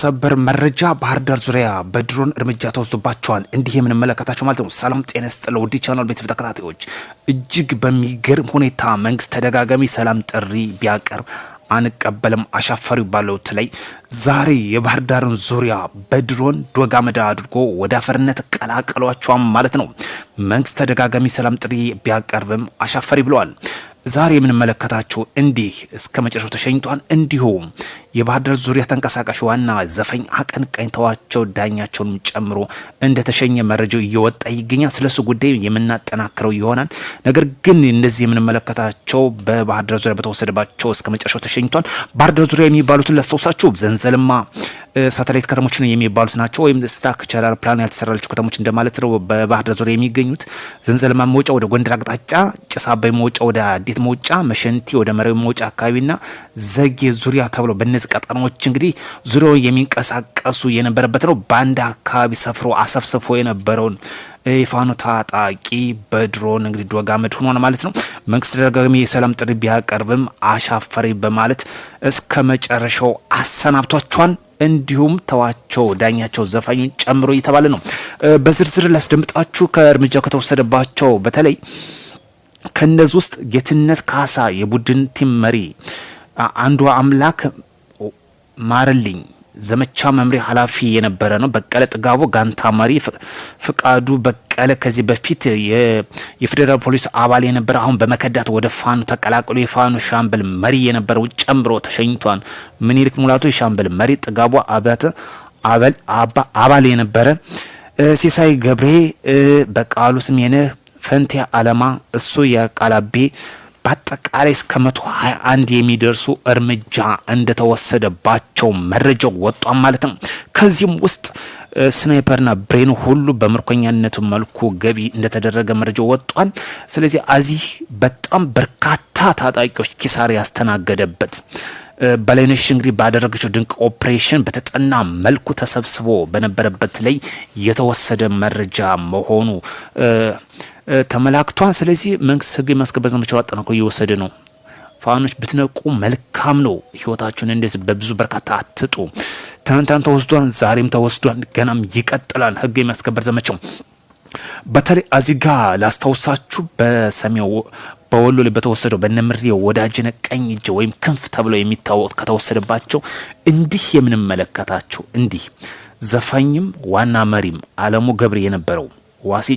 ሰበር መረጃ ባህር ዳር ዙሪያ በድሮን እርምጃ ተወስዶባቸዋል። እንዲህ የምንመለከታቸው ማለት ነው። ሰላም ጤና ይስጥልኝ ውድ ቻናል ቤተሰብ ተከታታዮች፣ እጅግ በሚገርም ሁኔታ መንግስት ተደጋጋሚ ሰላም ጥሪ ቢያቀርብ አንቀበልም አሻፈሪ ባለውት ላይ ዛሬ የባህር ዳርን ዙሪያ በድሮን ዶጋ መዳ አድርጎ ወደ አፈርነት ቀላቀሏቸዋም ማለት ነው። መንግስት ተደጋጋሚ ሰላም ጥሪ ቢያቀርብም አሻፈሪ ብለዋል። ዛሬ የምንመለከታቸው እንዲህ እስከ መጨረሻው ተሸኝቷል። እንዲሁም የባህር ዳር ዙሪያ ተንቀሳቃሽ ዋና ዘፈኝ አቀንቃኝ ተዋቸው ዳኛቸውንም ጨምሮ እንደተሸኘ መረጃው እየወጣ ይገኛል። ስለሱ ጉዳይ የምናጠናክረው ይሆናል። ነገር ግን እነዚህ የምንመለከታቸው በባህር ዳር ዙሪያ በተወሰደባቸው እስከ መጨረሻው ተሸኝቷል። ባህር ዳር ዙሪያ የሚባሉትን ላስታውሳችሁ ዘንዘልማ ሳተላይት ከተሞች ነው የሚባሉት ናቸው። ወይም ስትራክቸራል ፕላን ያልተሰራላቸው ከተሞች እንደማለት ነው። በባህር ዳር ዙሪያ የሚገኙት ዘንዘልማ መውጫ ወደ ጎንደር አቅጣጫ፣ ጭስ አባይ መውጫ ወደ አዴት መውጫ፣ መሸንቲ ወደ መራዊ መውጫ አካባቢና ዘጌ ዙሪያ ተብሎ በእነዚህ ቀጠናዎች እንግዲህ ዙሪያው የሚንቀሳቀሱ የነበረበት ነው። በአንድ አካባቢ ሰፍሮ አሰፍስፎ የነበረውን የፋኖ ታጣቂ በድሮን እንግዲህ ዶግ ሆኗል ማለት ነው። መንግስት ደጋግሚ የሰላም ጥሪ ቢያቀርብም አሻፈሪ በማለት እስከ መጨረሻው አሰናብቷቸዋል። እንዲሁም ተዋቸው ዳኛቸው ዘፋኙን ጨምሮ እየተባለ ነው። በዝርዝር ላስደምጣችሁ። ከእርምጃው ከተወሰደባቸው በተለይ ከነዚህ ውስጥ ጌትነት ካሳ የቡድን ቲም መሪ፣ አንዱ አምላክ ማርልኝ ዘመቻ መምሪያ ኃላፊ የነበረ ነው። በቀለ ጥጋቡ ጋንታ መሪ ፍቃዱ በቀለ ከዚህ በፊት የፌዴራል ፖሊስ አባል የነበረ አሁን በመከዳት ወደ ፋኖ ተቀላቅሎ የፋኖ ሻምበል መሪ የነበረው ጨምሮ ተሸኝቷል። ምኒልክ ሙላቱ የሻምበል መሪ፣ ጥጋቡ አባተ አባል የነበረ ሲሳይ ገብሬ፣ በቃሉ ስሜነህ፣ ፈንቲያ አለማ፣ እሱ የቃላቤ በአጠቃላይ እስከ መቶ ሀያ አንድ የሚደርሱ እርምጃ እንደተወሰደባቸው መረጃው ወጧን ማለት ነው። ከዚህም ውስጥ ስናይፐርና ብሬኑ ሁሉ በምርኮኛነት መልኩ ገቢ እንደተደረገ መረጃው ወጧል። ስለዚህ አዚህ በጣም በርካታ ታጣቂዎች ኪሳር ያስተናገደበት በላይነሽ እንግዲህ ባደረገችው ድንቅ ኦፕሬሽን በተጠና መልኩ ተሰብስቦ በነበረበት ላይ የተወሰደ መረጃ መሆኑ ተመላክቷል። ስለዚህ መንግስት ህግ የማስከበር ዘመቻው አጠናክሮ እየወሰደ ነው። ፋኖች ብትነቁ መልካም ነው። ህይወታችሁን እንደዚህ በብዙ በርካታ አትጡ። ትናንትናም ተወስዷን፣ ዛሬም ተወስዷን፣ ገናም ይቀጥላል። ህግ የሚያስከበር ዘመቻው በተለይ አዚጋ ላስታውሳችሁ በሰሜው በወሎ ላይ በተወሰደው በነምሬ ወዳጅነ ቀኝ እጅ ወይም ክንፍ ተብሎ የሚታወቅ ከተወሰደባቸው እንዲህ የምንመለከታቸው እንዲህ ዘፋኝም ዋና መሪም አለሙ ገብሬ የነበረው ዋሴ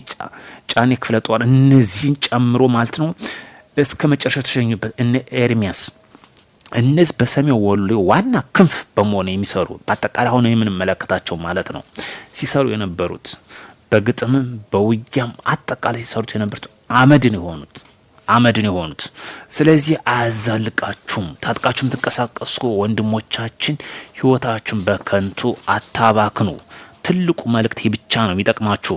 ጫኔ ክፍለ ጦር እነዚህን ጨምሮ ማለት ነው እስከ መጨረሻ ተሸኙበት። እነ ኤርሚያስ እነዚህ በሰሜን ወሎ ዋና ክንፍ በመሆን የሚሰሩ በአጠቃላይ አሁን የምንመለከታቸው ማለት ነው ሲሰሩ የነበሩት በግጥምም በውጊያም አጠቃላይ ሲሰሩት የነበሩት አመድን የሆኑት አመድን የሆኑት። ስለዚህ አያዛልቃችሁም። ታጥቃችሁም ትንቀሳቀሱ ወንድሞቻችን፣ ህይወታችሁን በከንቱ አታባክኑ። ትልቁ መልእክት ብቻ ነው የሚጠቅማችሁ።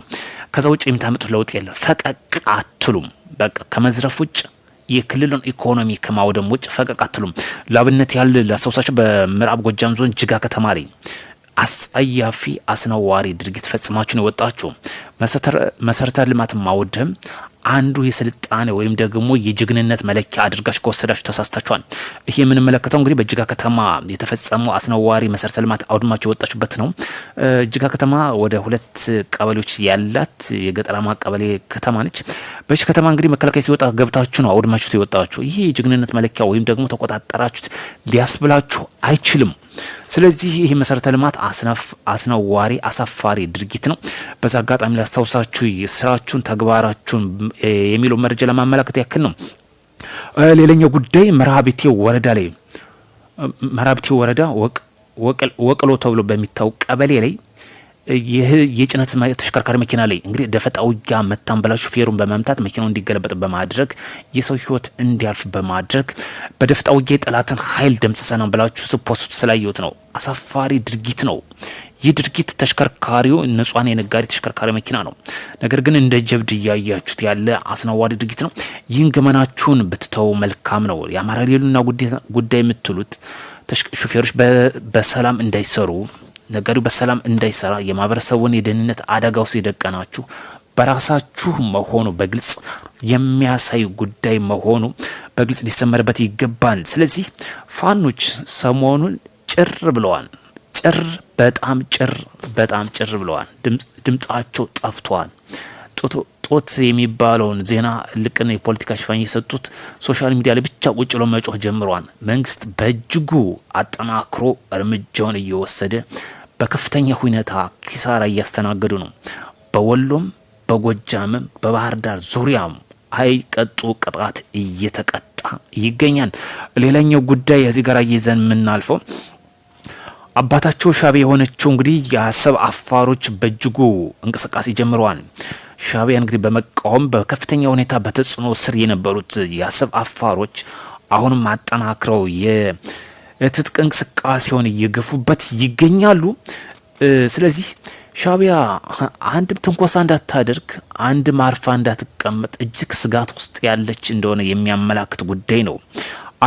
ከዛ ውጭ የምታመጡት ለውጥ የለም። ፈቀቅ አትሉም። በቃ ከመዝረፍ ውጭ የክልሉን ኢኮኖሚ ከማውደም ውጭ ፈቀቅ አትሉም። ላብነት ያህል ላስታውሳችሁ በምዕራብ ጎጃም ዞን ጅጋ ከተማ ላይ አስጸያፊ አስነዋሪ ድርጊት ፈጽማችሁ ነው የወጣችሁ። መሰረተ ልማት ማውደም አንዱ የስልጣኔ ወይም ደግሞ የጀግንነት መለኪያ አድርጋችሁ ከወሰዳችሁ ተሳስታችኋል። ይህ የምንመለከተው እንግዲህ በእጅጋ ከተማ የተፈጸመው አስነዋሪ መሰረተ ልማት አውድማቸው የወጣችሁበት ነው። እጅጋ ከተማ ወደ ሁለት ቀበሌዎች ያላት የገጠራማ ቀበሌ ከተማ ነች። በች ከተማ እንግዲህ መከላከያ ሲወጣ ገብታችሁ ነው አውድማችሁ የወጣችሁ። ይህ የጀግንነት መለኪያ ወይም ደግሞ ተቆጣጠራችሁት ሊያስብላችሁ አይችልም። ስለዚህ ይህ መሰረተ ልማት አስነዋሪ፣ አሳፋሪ ድርጊት ነው። በዛ አጋጣሚ ላስታውሳችሁ ስራችሁን፣ ተግባራችሁን የሚለው መረጃ ለማመላከት ያክል ነው። ሌላኛው ጉዳይ መርሃቤቴ ወረዳ ላይ መርሃቤቴ ወረዳ ወቅሎ ተብሎ በሚታወቅ ቀበሌ ላይ ይህ የጭነት ተሽከርካሪ መኪና ላይ እንግዲህ ደፈጣ ውጊያ መታን ብላ ሹፌሩን በመምታት መኪናው እንዲገለበጥ በማድረግ የሰው ህይወት እንዲያልፍ በማድረግ በደፈጣ ውጊያ የጠላትን ኃይል ደምስሰናን ብላችሁ ስፖስቱ ስላየሁት ነው። አሳፋሪ ድርጊት ነው። ይህ ድርጊት ተሽከርካሪው ንጹሐን የነጋዴ ተሽከርካሪ መኪና ነው። ነገር ግን እንደ ጀብድ እያያችሁት ያለ አስነዋሪ ድርጊት ነው። ይህን ገመናችሁን ብትተው መልካም ነው። የአማራ ሌሉና ጉዳይ የምትሉት ሹፌሮች በሰላም እንዳይሰሩ ነጋዴው በሰላም እንዳይሰራ የማህበረሰቡን የደህንነት አደጋ ውስጥ የደቀናችሁ በራሳችሁ መሆኑ በግልጽ የሚያሳይ ጉዳይ መሆኑ በግልጽ ሊሰመርበት ይገባል። ስለዚህ ፋኖች ሰሞኑን ጭር ብለዋል። ጭር በጣም ጭር በጣም ጭር ብለዋል። ድምጻቸው ጠፍቷል። ጦት የሚባለውን ዜና ልቅና የፖለቲካ ሽፋኝ የሰጡት ሶሻል ሚዲያ ላይ ብቻ ቁጭ ብሎ መጮህ ጀምረዋል። መንግስት በእጅጉ አጠናክሮ እርምጃውን እየወሰደ በከፍተኛ ሁኔታ ኪሳራ እያስተናገዱ ነው። በወሎም በጎጃምም በባህር ዳር ዙሪያም ቀጡ ቅጣት እየተቀጣ ይገኛል። ሌላኛው ጉዳይ እዚህ ጋር ይዘን የምናልፈው አባታቸው ሻቢ የሆነችው እንግዲህ የአሰብ አፋሮች በእጅጉ እንቅስቃሴ ጀምረዋል። ሻቢያ እንግዲህ በመቃወም በከፍተኛ ሁኔታ በተጽዕኖ ስር የነበሩት የአሰብ አፋሮች አሁንም አጠናክረው የትጥቅ እንቅስቃሴውን እየገፉበት ይገኛሉ። ስለዚህ ሻቢያ አንድም ትንኮሳ እንዳታደርግ፣ አንድም አርፋ እንዳትቀመጥ እጅግ ስጋት ውስጥ ያለች እንደሆነ የሚያመላክት ጉዳይ ነው።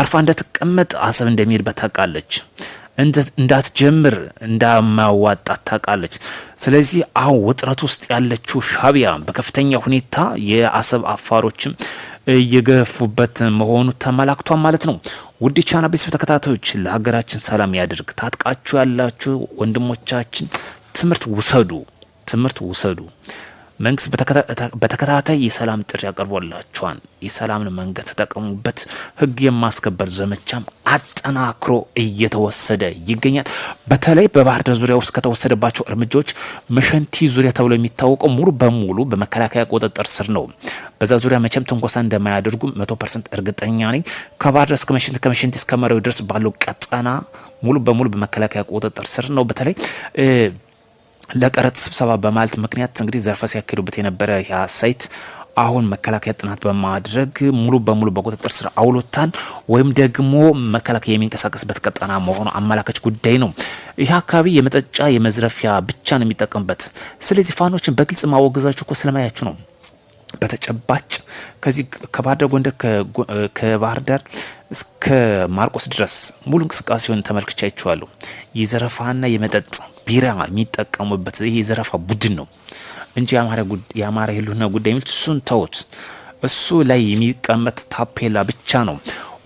አርፋ እንደትቀመጥ አሰብ እንደሚሄድ ታውቃለች። እንዳትጀምር እንዳማዋጣት ታውቃለች። ስለዚህ አሁን ውጥረት ውስጥ ያለችው ሻቢያ በከፍተኛ ሁኔታ የአሰብ አፋሮችም እየገፉበት መሆኑ ተመላክቷል ማለት ነው። ውድ ቻና ቤተሰብ ተከታታዮች ለሀገራችን ሰላም ያድርግ። ታጥቃችሁ ያላችሁ ወንድሞቻችን ትምህርት ውሰዱ፣ ትምህርት ውሰዱ። መንግስት በተከታታይ የሰላም ጥሪ ያቀርቦላቸዋል። የሰላምን መንገድ ተጠቀሙበት። ህግ የማስከበር ዘመቻም አጠናክሮ እየተወሰደ ይገኛል። በተለይ በባህር ዳር ዙሪያ ውስጥ ከተወሰደባቸው እርምጃዎች መሸንቲ ዙሪያ ተብሎ የሚታወቀው ሙሉ በሙሉ በመከላከያ ቁጥጥር ስር ነው። በዛ ዙሪያ መቼም ትንኮሳ እንደማያደርጉ መቶ ፐርሰንት እርግጠኛ ነኝ። ከባህር ዳር እስከ መሸንቲ ከመሸንቲ እስከ መራዊ ድረስ ባለው ቀጠና ሙሉ በሙሉ በመከላከያ ቁጥጥር ስር ነው። በተለይ ለቀረጥ ስብሰባ በማለት ምክንያት እንግዲህ ዘርፈ ሲያካሄዱበት የነበረ ያ ሳይት አሁን መከላከያ ጥናት በማድረግ ሙሉ በሙሉ በቁጥጥር ስር አውሎታን ወይም ደግሞ መከላከያ የሚንቀሳቀስበት ቀጠና መሆኑ አመላካች ጉዳይ ነው። ይህ አካባቢ የመጠጫ የመዝረፊያ ብቻ ነው የሚጠቀምበት። ስለዚህ ፋኖችን በግልጽ ማወገዛችሁ እኮ ስለማያችሁ ነው። በተጨባጭ ከዚህ ከባህርዳር ጎንደር ከባህር ዳር እስከ ማርቆስ ድረስ ሙሉ እንቅስቃሴውን ተመልክቻ ይችዋለሁ። የዘረፋና የመጠጥ ቢራ የሚጠቀሙበት ይህ የዘረፋ ቡድን ነው እንጂ የአማራ ህልውና ጉዳይ የሚል እሱን ተውት። እሱ ላይ የሚቀመጥ ታፔላ ብቻ ነው።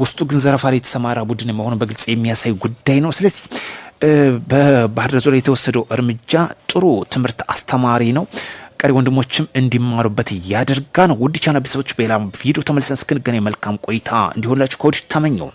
ውስጡ ግን ዘረፋ ላይ የተሰማራ ቡድን መሆኑ በግልጽ የሚያሳይ ጉዳይ ነው። ስለዚህ በባህር ዳር ዙሪያ የተወሰደው እርምጃ ጥሩ ትምህርት አስተማሪ ነው። ቀሪ ወንድሞችም እንዲማሩበት ያደርጋን። ውድ ቻናል ቤተሰቦች በሌላ ቪዲዮ ተመልሰን እስክንገናኝ መልካም ቆይታ እንዲሆንላችሁ ከወዲሁ ተመኘው።